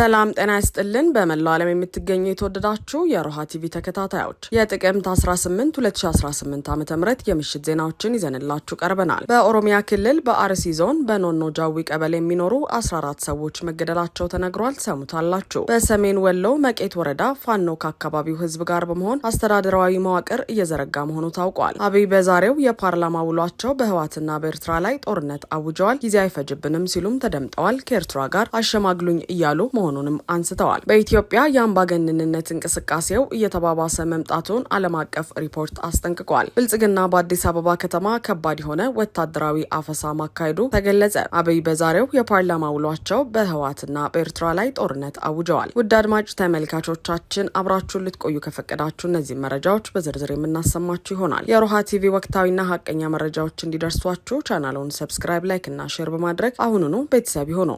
ሰላም ጤና ይስጥልን። በመላው ዓለም የምትገኙ የተወደዳችሁ የሮሃ ቲቪ ተከታታዮች የጥቅምት 18 2018 ዓ ም የምሽት ዜናዎችን ይዘንላችሁ ቀርበናል። በኦሮሚያ ክልል በአርሲ ዞን በኖኖ ጃዊ ቀበሌ የሚኖሩ 14 ሰዎች መገደላቸው ተነግሯል። ሰሙታላችሁ። በሰሜን ወሎ መቄት ወረዳ ፋኖ ከአካባቢው ህዝብ ጋር በመሆን አስተዳደራዊ መዋቅር እየዘረጋ መሆኑ ታውቋል። አብይ በዛሬው የፓርላማ ውሏቸው በህዋትና በኤርትራ ላይ ጦርነት አውጀዋል። ጊዜ አይፈጅብንም ሲሉም ተደምጠዋል። ከኤርትራ ጋር አሸማግሉኝ እያሉ መሆኑ መሆኑንም አንስተዋል። በኢትዮጵያ የአምባገነንነት እንቅስቃሴው እየተባባሰ መምጣቱን ዓለም አቀፍ ሪፖርት አስጠንቅቋል። ብልጽግና በአዲስ አበባ ከተማ ከባድ የሆነ ወታደራዊ አፈሳ ማካሄዱ ተገለጸ። አብይ በዛሬው የፓርላማ ውሏቸው በህወሓትና በኤርትራ ላይ ጦርነት አውጀዋል። ውድ አድማጭ ተመልካቾቻችን አብራችሁን ልትቆዩ ከፈቀዳችሁ እነዚህ መረጃዎች በዝርዝር የምናሰማችሁ ይሆናል። የሮሃ ቲቪ ወቅታዊና ሀቀኛ መረጃዎች እንዲደርሷችሁ ቻናሉን ሰብስክራይብ፣ ላይክ እና ሼር በማድረግ አሁኑኑ ቤተሰብ ይሁኑ።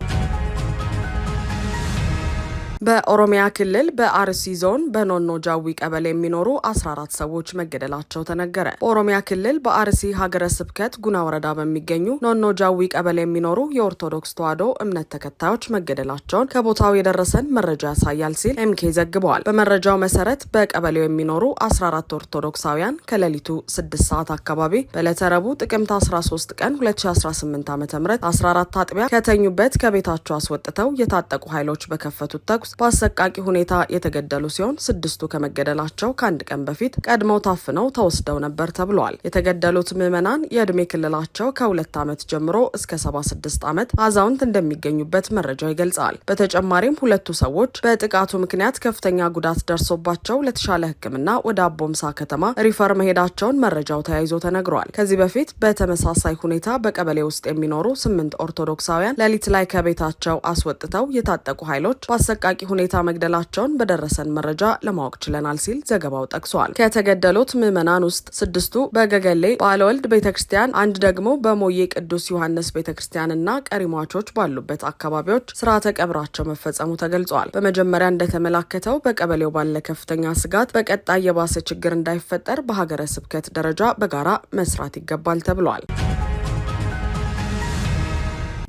በኦሮሚያ ክልል በአርሲ ዞን በኖኖ ጃዊ ቀበሌ የሚኖሩ 14 ሰዎች መገደላቸው ተነገረ። በኦሮሚያ ክልል በአርሲ ሀገረ ስብከት ጉና ወረዳ በሚገኙ ኖኖ ጃዊ ቀበሌ የሚኖሩ የኦርቶዶክስ ተዋሕዶ እምነት ተከታዮች መገደላቸውን ከቦታው የደረሰን መረጃ ያሳያል ሲል ኤምኬ ዘግበዋል። በመረጃው መሰረት በቀበሌው የሚኖሩ 14 ኦርቶዶክሳውያን ከሌሊቱ 6 ሰዓት አካባቢ በዕለተ ረቡዕ ጥቅምት 13 ቀን 2018 ዓ ም 14 አጥቢያ ከተኙበት ከቤታቸው አስወጥተው የታጠቁ ኃይሎች በከፈቱት ተኩስ በአሰቃቂ ሁኔታ የተገደሉ ሲሆን ስድስቱ ከመገደላቸው ከአንድ ቀን በፊት ቀድመው ታፍነው ተወስደው ነበር ተብሏል። የተገደሉት ምዕመናን የዕድሜ ክልላቸው ከሁለት ዓመት ጀምሮ እስከ 76 ዓመት አዛውንት እንደሚገኙበት መረጃው ይገልጻል። በተጨማሪም ሁለቱ ሰዎች በጥቃቱ ምክንያት ከፍተኛ ጉዳት ደርሶባቸው ለተሻለ ሕክምና ወደ አቦምሳ ከተማ ሪፈር መሄዳቸውን መረጃው ተያይዞ ተነግሯል። ከዚህ በፊት በተመሳሳይ ሁኔታ በቀበሌ ውስጥ የሚኖሩ ስምንት ኦርቶዶክሳውያን ሌሊት ላይ ከቤታቸው አስወጥተው የታጠቁ ኃይሎች በአሰቃቂ በአሰቃቂ ሁኔታ መግደላቸውን በደረሰን መረጃ ለማወቅ ችለናል ሲል ዘገባው ጠቅሷል። ከተገደሉት ምዕመናን ውስጥ ስድስቱ በገገሌ ባለወልድ ቤተ ክርስቲያን፣ አንድ ደግሞ በሞዬ ቅዱስ ዮሐንስ ቤተ ክርስቲያንና ቀሪ ባሉበት አካባቢዎች ስርዓተ ቀብራቸው መፈጸሙ ተገልጿል። በመጀመሪያ እንደተመላከተው በቀበሌው ባለ ከፍተኛ ስጋት በቀጣይ የባሰ ችግር እንዳይፈጠር በሀገረ ስብከት ደረጃ በጋራ መስራት ይገባል ተብሏል።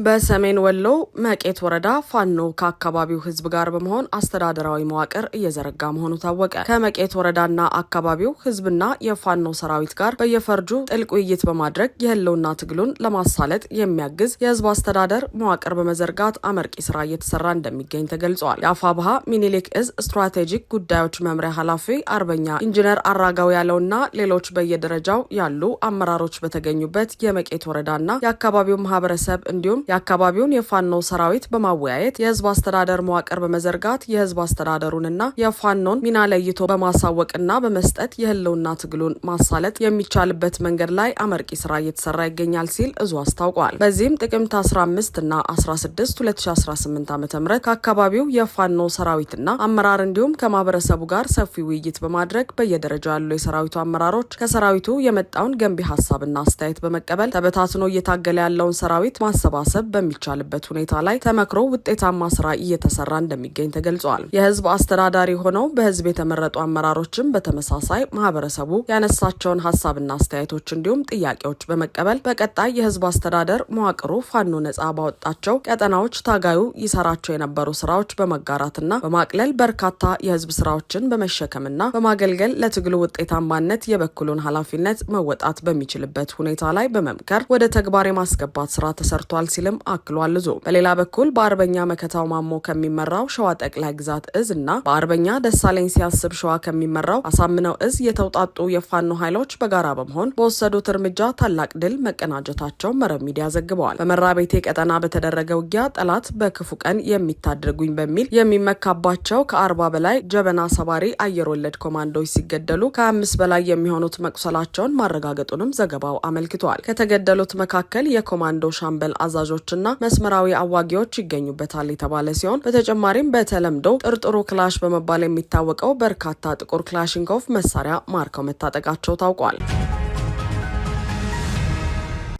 በሰሜን ወሎ መቄት ወረዳ ፋኖ ከአካባቢው ህዝብ ጋር በመሆን አስተዳደራዊ መዋቅር እየዘረጋ መሆኑ ታወቀ። ከመቄት ወረዳና አካባቢው ህዝብና የፋኖ ሰራዊት ጋር በየፈርጁ ጥልቅ ውይይት በማድረግ የህልውና ትግሉን ለማሳለጥ የሚያግዝ የህዝብ አስተዳደር መዋቅር በመዘርጋት አመርቂ ስራ እየተሰራ እንደሚገኝ ተገልጿል። የአፋ ባሀ ሚኒሊክ እዝ ስትራቴጂክ ጉዳዮች መምሪያ ኃላፊ አርበኛ ኢንጂነር አራጋው ያለውና ሌሎች በየደረጃው ያሉ አመራሮች በተገኙበት የመቄት ወረዳና የአካባቢው ማህበረሰብ እንዲሁም የአካባቢውን የፋኖ ሰራዊት በማወያየት የህዝብ አስተዳደር መዋቅር በመዘርጋት የህዝብ አስተዳደሩንና የፋኖን ሚና ለይቶ በማሳወቅና በመስጠት የህልውና ትግሉን ማሳለጥ የሚቻልበት መንገድ ላይ አመርቂ ስራ እየተሰራ ይገኛል ሲል እዙ አስታውቋል። በዚህም ጥቅምት 15 እና 16 2018 ዓ ም ከአካባቢው የፋኖ ሰራዊትና አመራር እንዲሁም ከማህበረሰቡ ጋር ሰፊ ውይይት በማድረግ በየደረጃው ያሉ የሰራዊቱ አመራሮች ከሰራዊቱ የመጣውን ገንቢ ሀሳብና አስተያየት በመቀበል ተበታትኖ እየታገለ ያለውን ሰራዊት ማሰባሰብ ማሰባሰብ በሚቻልበት ሁኔታ ላይ ተመክሮ ውጤታማ ስራ እየተሰራ እንደሚገኝ ተገልጿል። የህዝብ አስተዳዳሪ ሆነው በህዝብ የተመረጡ አመራሮችም በተመሳሳይ ማህበረሰቡ ያነሳቸውን ሀሳብና አስተያየቶች እንዲሁም ጥያቄዎች በመቀበል በቀጣይ የህዝብ አስተዳደር መዋቅሩ ፋኖ ነጻ ባወጣቸው ቀጠናዎች ታጋዩ ይሰራቸው የነበሩ ስራዎች በመጋራትና በማቅለል በርካታ የህዝብ ስራዎችን በመሸከምና በማገልገል ለትግሉ ውጤታማነት የበኩሉን ኃላፊነት መወጣት በሚችልበት ሁኔታ ላይ በመምከር ወደ ተግባር የማስገባት ስራ ተሰርቷል ሲል ሲልም አክሏል። ዞ በሌላ በኩል በአርበኛ መከታው ማሞ ከሚመራው ሸዋ ጠቅላይ ግዛት እዝ እና በአርበኛ ደሳለኝ ሲያስብ ሸዋ ከሚመራው አሳምነው እዝ የተውጣጡ የፋኖ ኃይሎች በጋራ በመሆን በወሰዱት እርምጃ ታላቅ ድል መቀናጀታቸው መረብ ሚዲያ ዘግበዋል። በመራ ቤቴ ቀጠና በተደረገ ውጊያ ጠላት በክፉ ቀን የሚታደርጉኝ በሚል የሚመካባቸው ከአርባ በላይ ጀበና ሰባሪ አየር ወለድ ኮማንዶዎች ሲገደሉ ከአምስት በላይ የሚሆኑት መቁሰላቸውን ማረጋገጡንም ዘገባው አመልክቷል። ከተገደሉት መካከል የኮማንዶ ሻምበል አዛዥ አዛዦችና መስመራዊ አዋጊዎች ይገኙበታል የተባለ ሲሆን በተጨማሪም በተለምዶ ጥርጥሩ ክላሽ በመባል የሚታወቀው በርካታ ጥቁር ክላሽንኮቭ መሳሪያ ማርከው መታጠቃቸው ታውቋል።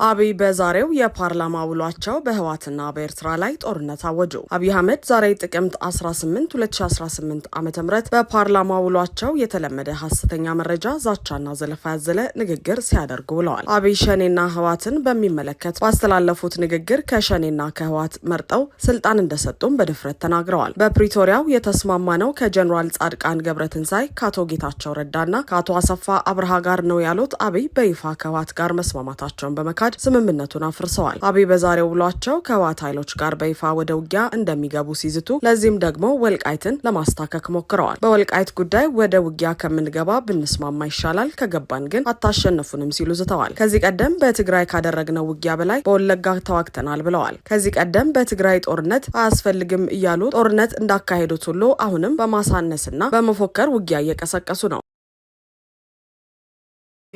አብይ በዛሬው የፓርላማ ውሏቸው በህዋትና በኤርትራ ላይ ጦርነት አወጁ። አብይ አህመድ ዛሬ ጥቅምት 18 2018 ዓ ም በፓርላማ ውሏቸው የተለመደ ሀሰተኛ መረጃ፣ ዛቻና ዘለፋ ያዘለ ንግግር ሲያደርጉ ውለዋል። አብይ ሸኔና ህዋትን በሚመለከት ባስተላለፉት ንግግር ከሸኔና ከህዋት መርጠው ስልጣን እንደሰጡም በድፍረት ተናግረዋል። በፕሪቶሪያው የተስማማ ነው ከጀኔራል ጻድቃን ገብረትንሳይ ከአቶ ጌታቸው ረዳና ከአቶ አሰፋ አብርሃ ጋር ነው ያሉት አብይ በይፋ ከህዋት ጋር መስማማታቸውን በመካድ በመናድ ስምምነቱን አፍርሰዋል። አብይ በዛሬው ውሏቸው ከህወሓት ኃይሎች ጋር በይፋ ወደ ውጊያ እንደሚገቡ ሲዝቱ፣ ለዚህም ደግሞ ወልቃይትን ለማስታከክ ሞክረዋል። በወልቃይት ጉዳይ ወደ ውጊያ ከምንገባ ብንስማማ ይሻላል፣ ከገባን ግን አታሸንፉንም ሲሉ ዝተዋል። ከዚህ ቀደም በትግራይ ካደረግነው ውጊያ በላይ በወለጋ ተዋግተናል ብለዋል። ከዚህ ቀደም በትግራይ ጦርነት አያስፈልግም እያሉ ጦርነት እንዳካሄዱት ሁሉ አሁንም በማሳነስና በመፎከር ውጊያ እየቀሰቀሱ ነው።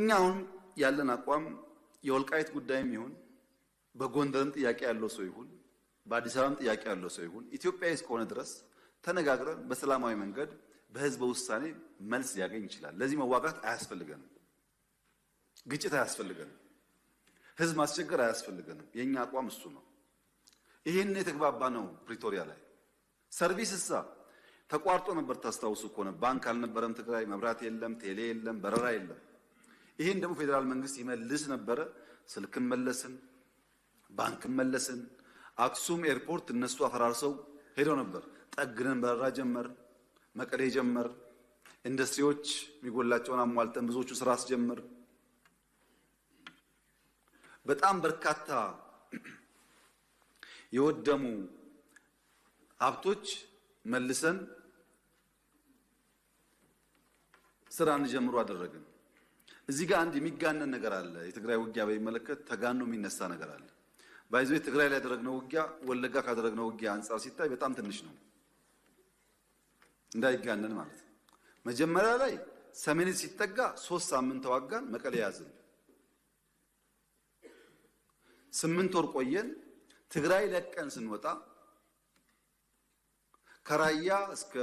እኛ አሁን ያለን አቋም የወልቃይት ጉዳይም ይሁን በጎንደርም ጥያቄ ያለው ሰው ይሁን በአዲስ አበባም ጥያቄ ያለው ሰው ይሁን ኢትዮጵያ እስከሆነ ድረስ ተነጋግረን በሰላማዊ መንገድ በህዝበ ውሳኔ መልስ ሊያገኝ ይችላል። ለዚህ መዋጋት አያስፈልገንም፣ ግጭት አያስፈልገንም፣ ህዝብ ማስቸገር አያስፈልገንም። የእኛ አቋም እሱ ነው። ይህን የተግባባ ነው። ፕሪቶሪያ ላይ ሰርቪስ እሳ ተቋርጦ ነበር። ታስታውሱ ከሆነ ባንክ አልነበረም ትግራይ፣ መብራት የለም፣ ቴሌ የለም፣ በረራ የለም። ይሄን ደግሞ ፌዴራል መንግስት ይመልስ ነበረ። ስልክም መለስን፣ ባንክም መለስን። አክሱም ኤርፖርት እነሱ አፈራርሰው ሄደው ነበር። ጠግነን በረራ ጀመር፣ መቀሌ ጀመር፣ ኢንዱስትሪዎች የሚጎላቸውን አሟልተን ብዙዎቹ ስራ አስጀምር። በጣም በርካታ የወደሙ ሀብቶች መልሰን ስራ እንጀምሩ አደረግን። እዚህ ጋር አንድ የሚጋነን ነገር አለ። የትግራይ ውጊያ በሚመለከት ተጋኖ የሚነሳ ነገር አለ። ባይዞ ትግራይ ላይ ያደረግነው ውጊያ ወለጋ ካደረግነው ውጊያ አንጻር ሲታይ በጣም ትንሽ ነው፣ እንዳይጋነን ማለት ነው። መጀመሪያ ላይ ሰሜን ሲጠጋ ሶስት ሳምንት ተዋጋን፣ መቀሌ ያዝን፣ ስምንት ወር ቆየን። ትግራይ ለቀን ስንወጣ ከራያ እስከ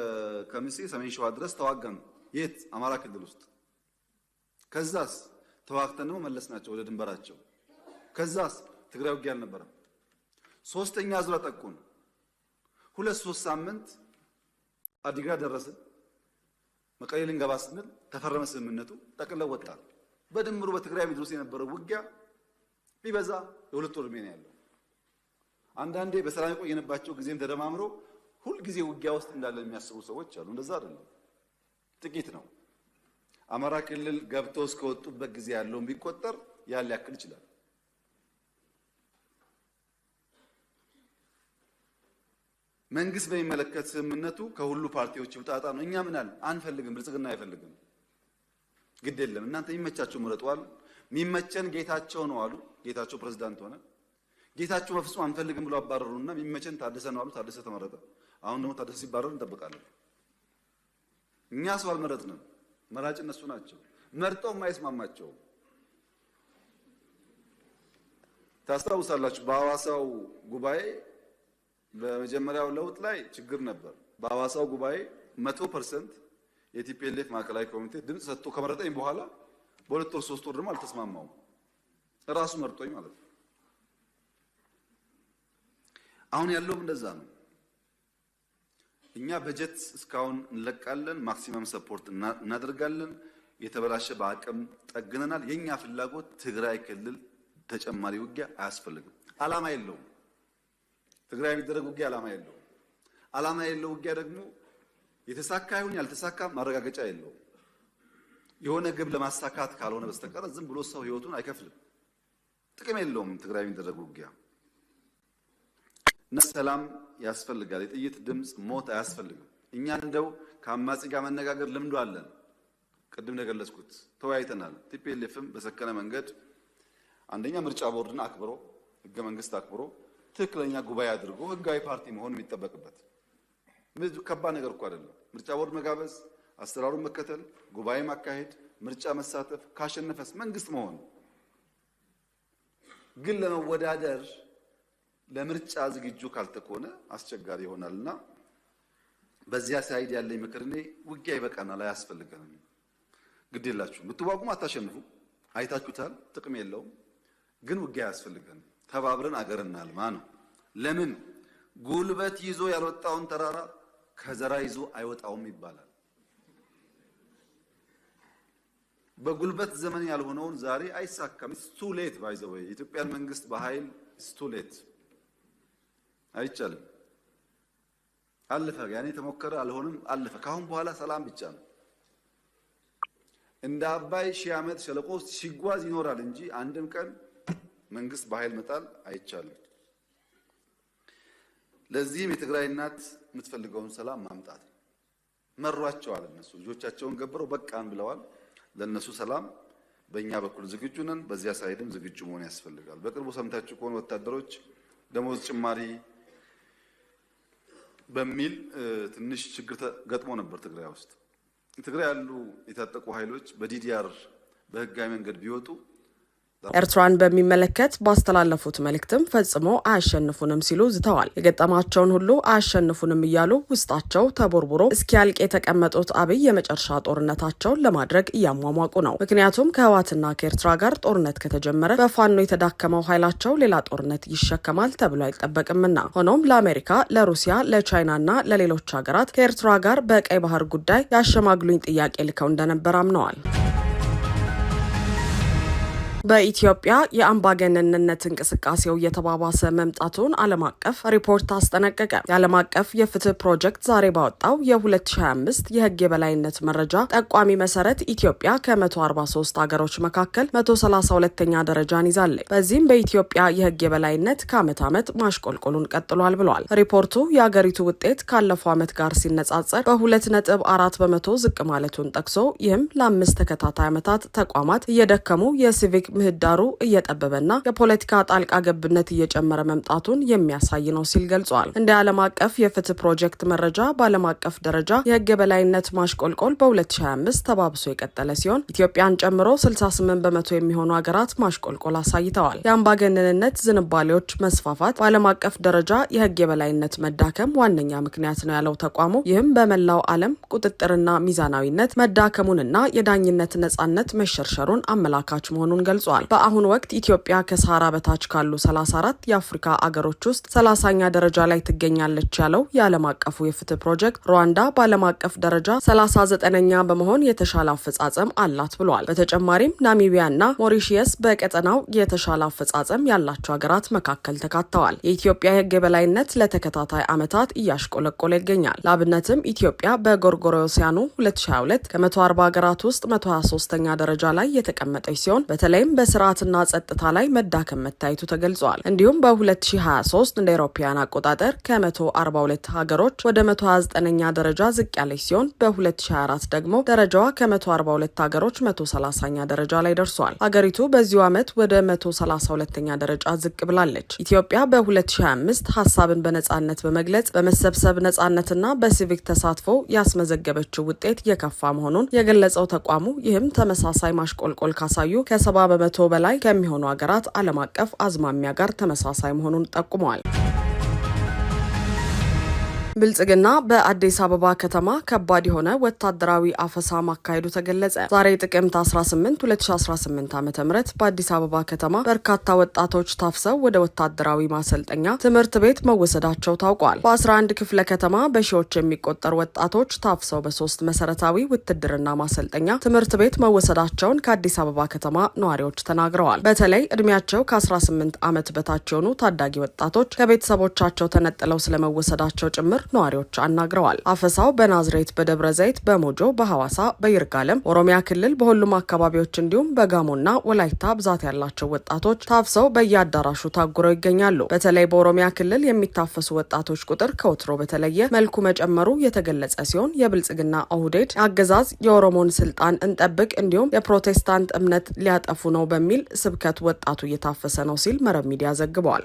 ከሚሴ ሰሜን ሸዋ ድረስ ተዋጋን። የት አማራ ክልል ውስጥ ከዛስ ተዋግተን ነው መለስ ናቸው ወደ ድንበራቸው። ከዛስ ትግራይ ውጊያ አልነበረም። ሶስተኛ ዙር አጠቁን። ሁለት ሶስት ሳምንት አዲጋ ደረስን። መቀሌ ልንገባ ስንል ተፈረመ ስምምነቱ፣ ጠቅልለው ወጣል። በድምሩ በትግራይ ምድር ውስጥ የነበረው ውጊያ ቢበዛ የሁለት ወር ዕድሜ ነው ያለው። አንዳንዴ በሰላም የቆየንባቸው ጊዜም ተደማምሮ ሁልጊዜ ውጊያ ውስጥ እንዳለን የሚያስቡ ሰዎች አሉ። እንደዛ አይደለም፣ ጥቂት ነው። አማራ ክልል ገብቶ እስከወጡበት ጊዜ ያለውን ቢቆጠር ያን ሊያክል ይችላል። መንግስት በሚመለከት ስምምነቱ ከሁሉ ፓርቲዎች ውጣጣ ነው። እኛ ምናል አንፈልግም፣ ብልጽግና አይፈልግም። ግድ የለም እናንተ የሚመቻቸው ምረጧል። የሚመቸን ጌታቸው ነው አሉ። ጌታቸው ፕሬዝዳንት ሆነ። ጌታቸው በፍጹም አንፈልግም ብሎ አባረሩና የሚመቸን ታደሰ ነው አሉ። ታደሰ ተመረጠ። አሁን ደግሞ ታደሰ ሲባረር እንጠብቃለን። እኛ ሰው አልመረጥንም። መራጭ እነሱ ናቸው። መርጠው የማይስማማቸው ታስታውሳላችሁ። በሐዋሳው ጉባኤ በመጀመሪያው ለውጥ ላይ ችግር ነበር። በሐዋሳው ጉባኤ መቶ ፐርሰንት የቲፒኤልኤፍ ማዕከላዊ ኮሚቴ ድምፅ ሰጥቶ ከመረጠኝ በኋላ በሁለት ወር ሶስት ወር ደግሞ አልተስማማውም። እራሱ መርጦኝ ማለት ነው። አሁን ያለውም እንደዛ ነው። እኛ በጀት እስካሁን እንለቃለን፣ ማክሲመም ሰፖርት እናደርጋለን። የተበላሸ በአቅም ጠግነናል። የእኛ ፍላጎት ትግራይ ክልል ተጨማሪ ውጊያ አያስፈልግም። ዓላማ የለውም። ትግራይ የሚደረግ ውጊያ ዓላማ የለውም። ዓላማ የለው ውጊያ ደግሞ የተሳካ ይሁን ያልተሳካ ማረጋገጫ የለውም። የሆነ ግብ ለማሳካት ካልሆነ በስተቀረ ዝም ብሎ ሰው ህይወቱን አይከፍልም። ጥቅም የለውም ትግራይ የሚደረግ ውጊያ እና ሰላም ያስፈልጋል። የጥይት ድምፅ ሞት አያስፈልግም። እኛ እንደው ከአማጺ ጋር መነጋገር ልምዶ አለን። ቅድም እንደገለጽኩት ተወያይተናል። ቲፒኤልኤፍም በሰከነ መንገድ አንደኛ ምርጫ ቦርድን አክብሮ ህገ መንግስት አክብሮ ትክክለኛ ጉባኤ አድርጎ ህጋዊ ፓርቲ መሆን የሚጠበቅበት ከባድ ነገር እኮ አይደለም። ምርጫ ቦርድ መጋበዝ፣ አሰራሩን መከተል፣ ጉባኤ ማካሄድ፣ ምርጫ መሳተፍ፣ ካሸነፈስ መንግስት መሆን ግን ለመወዳደር ለምርጫ ዝግጁ ካልተኮነ አስቸጋሪ ይሆናልና በዚያ ሳይድ ያለኝ ምክር እኔ ውጊያ ይበቃናል፣ አያስፈልገንም። ግድ የላችሁም አታሸንፉ፣ አይታችሁታል፣ ጥቅም የለውም። ግን ውጊያ አያስፈልገንም፣ ተባብረን አገር እናልማ ነው። ለምን ጉልበት ይዞ ያልወጣውን ተራራ ከዘራ ይዞ አይወጣውም ይባላል። በጉልበት ዘመን ያልሆነውን ዛሬ አይሳካም። ስቱሌት ባይዘወይ የኢትዮጵያን መንግስት በኃይል ስቱሌት አይቻልም። አለፈ። ያኔ ተሞከረ፣ አልሆንም፣ አለፈ። ካሁን በኋላ ሰላም ብቻ ነው። እንደ አባይ ሺህ ዓመት ሸለቆ ውስጥ ሲጓዝ ይኖራል እንጂ አንድም ቀን መንግስት በኃይል መጣል አይቻልም። ለዚህም የትግራይ እናት የምትፈልገውን ሰላም ማምጣት መሯቸዋል። እነሱ ልጆቻቸውን ገብረው በቃን ብለዋል። ለእነሱ ሰላም በእኛ በኩል ዝግጁ ነን። በዚያ ሳይድም ዝግጁ መሆን ያስፈልጋል። በቅርቡ ሰምታችሁ ከሆነ ወታደሮች ደሞዝ ጭማሪ በሚል ትንሽ ችግር ገጥሞ ነበር ትግራይ ውስጥ። ትግራይ ያሉ የታጠቁ ኃይሎች በዲዲአር በህጋዊ መንገድ ቢወጡ ኤርትራን በሚመለከት ባስተላለፉት መልእክትም ፈጽሞ አያሸንፉንም ሲሉ ዝተዋል። የገጠማቸውን ሁሉ አያሸንፉንም እያሉ ውስጣቸው ተቦርቡሮ እስኪያልቅ የተቀመጡት አብይ የመጨረሻ ጦርነታቸውን ለማድረግ እያሟሟቁ ነው። ምክንያቱም ከህዋትና ከኤርትራ ጋር ጦርነት ከተጀመረ በፋኖ የተዳከመው ኃይላቸው ሌላ ጦርነት ይሸከማል ተብሎ አይጠበቅምና። ሆኖም ለአሜሪካ፣ ለሩሲያ፣ ለቻይናና ለሌሎች ሀገራት ከኤርትራ ጋር በቀይ ባህር ጉዳይ ያሸማግሉኝ ጥያቄ ልከው እንደነበር አምነዋል። በኢትዮጵያ የአምባገነንነት እንቅስቃሴው እየተባባሰ መምጣቱን ዓለም አቀፍ ሪፖርት አስጠነቀቀ። የዓለም አቀፍ የፍትህ ፕሮጀክት ዛሬ ባወጣው የ2025 የህግ የበላይነት መረጃ ጠቋሚ መሰረት ኢትዮጵያ ከ143 ሀገሮች መካከል 132ኛ ደረጃን ይዛለች። በዚህም በኢትዮጵያ የህግ የበላይነት ከዓመት ዓመት ማሽቆልቆሉን ቀጥሏል ብሏል። ሪፖርቱ የአገሪቱ ውጤት ካለፈው ዓመት ጋር ሲነጻጸር በሁለት ነጥብ አራት በመቶ ዝቅ ማለቱን ጠቅሶ ይህም ለአምስት ተከታታይ ዓመታት ተቋማት እየደከሙ የሲቪክ ምህዳሩ እየጠበበና የፖለቲካ ጣልቃ ገብነት እየጨመረ መምጣቱን የሚያሳይ ነው ሲል ገልጿል። እንደ ዓለም አቀፍ የፍትህ ፕሮጀክት መረጃ በዓለም አቀፍ ደረጃ የህግ የበላይነት ማሽቆልቆል በ2025 ተባብሶ የቀጠለ ሲሆን ኢትዮጵያን ጨምሮ 68 በመቶ የሚሆኑ ሀገራት ማሽቆልቆል አሳይተዋል። የአምባገነንነት ዝንባሌዎች መስፋፋት በዓለም አቀፍ ደረጃ የህግ የበላይነት መዳከም ዋነኛ ምክንያት ነው ያለው ተቋሙ ይህም በመላው ዓለም ቁጥጥርና ሚዛናዊነት መዳከሙንና የዳኝነት ነጻነት መሸርሸሩን አመላካች መሆኑን ገልጿል። ገልጿል። በአሁኑ ወቅት ኢትዮጵያ ከሰሃራ በታች ካሉ 34 የአፍሪካ አገሮች ውስጥ ሰላሳኛ ደረጃ ላይ ትገኛለች ያለው የዓለም አቀፉ የፍትህ ፕሮጀክት ሩዋንዳ በዓለም አቀፍ ደረጃ 39ኛ በመሆን የተሻለ አፈጻጸም አላት ብሏል። በተጨማሪም ናሚቢያና ሞሪሺየስ በቀጠናው የተሻለ አፈጻጸም ያላቸው ሀገራት መካከል ተካተዋል። የኢትዮጵያ የህግ የበላይነት ለተከታታይ ዓመታት እያሽቆለቆለ ይገኛል። ለአብነትም ኢትዮጵያ በጎርጎሮሲያኑ 2022 ከ140 ሀገራት ውስጥ 123ኛ ደረጃ ላይ የተቀመጠች ሲሆን በተለይም በስርዓትና ጸጥታ ላይ መዳከም መታየቱ ተገልጿል። እንዲሁም በ2023 እንደ አውሮፓውያን አቆጣጠር ከ142 ሀገሮች ወደ 129ኛ ደረጃ ዝቅ ያለች ሲሆን በ2024 ደግሞ ደረጃዋ ከ142 ሀገሮች 130ኛ ደረጃ ላይ ደርሷል። ሀገሪቱ በዚሁ ዓመት ወደ 132ኛ ደረጃ ዝቅ ብላለች። ኢትዮጵያ በ2025 ሀሳብን በነጻነት በመግለጽ በመሰብሰብ ነጻነትና በሲቪክ ተሳትፎ ያስመዘገበችው ውጤት የከፋ መሆኑን የገለጸው ተቋሙ ይህም ተመሳሳይ ማሽቆልቆል ካሳዩ ከሰባ ከመቶ በላይ ከሚሆኑ ሀገራት ዓለም አቀፍ አዝማሚያ ጋር ተመሳሳይ መሆኑን ጠቁመዋል። ብልጽግና በአዲስ አበባ ከተማ ከባድ የሆነ ወታደራዊ አፈሳ ማካሄዱ ተገለጸ። ዛሬ ጥቅምት 18 2018 ዓ ም በአዲስ አበባ ከተማ በርካታ ወጣቶች ታፍሰው ወደ ወታደራዊ ማሰልጠኛ ትምህርት ቤት መወሰዳቸው ታውቋል። በ11 ክፍለ ከተማ በሺዎች የሚቆጠሩ ወጣቶች ታፍሰው በሶስት መሰረታዊ ውትድርና ማሰልጠኛ ትምህርት ቤት መወሰዳቸውን ከአዲስ አበባ ከተማ ነዋሪዎች ተናግረዋል። በተለይ እድሜያቸው ከ18 ዓመት በታች የሆኑ ታዳጊ ወጣቶች ከቤተሰቦቻቸው ተነጥለው ስለመወሰዳቸው ጭምር ነዋሪዎች አናግረዋል። አፈሳው በናዝሬት፣ በደብረ ዘይት፣ በሞጆ፣ በሐዋሳ፣ በይርጋለም፣ ኦሮሚያ ክልል በሁሉም አካባቢዎች እንዲሁም በጋሞና ወላይታ ብዛት ያላቸው ወጣቶች ታፍሰው በየአዳራሹ ታጉረው ይገኛሉ። በተለይ በኦሮሚያ ክልል የሚታፈሱ ወጣቶች ቁጥር ከወትሮ በተለየ መልኩ መጨመሩ የተገለጸ ሲሆን የብልጽግና ኦህዴድ አገዛዝ የኦሮሞን ስልጣን እንጠብቅ እንዲሁም የፕሮቴስታንት እምነት ሊያጠፉ ነው በሚል ስብከት ወጣቱ እየታፈሰ ነው ሲል መረብ ሚዲያ ዘግበዋል።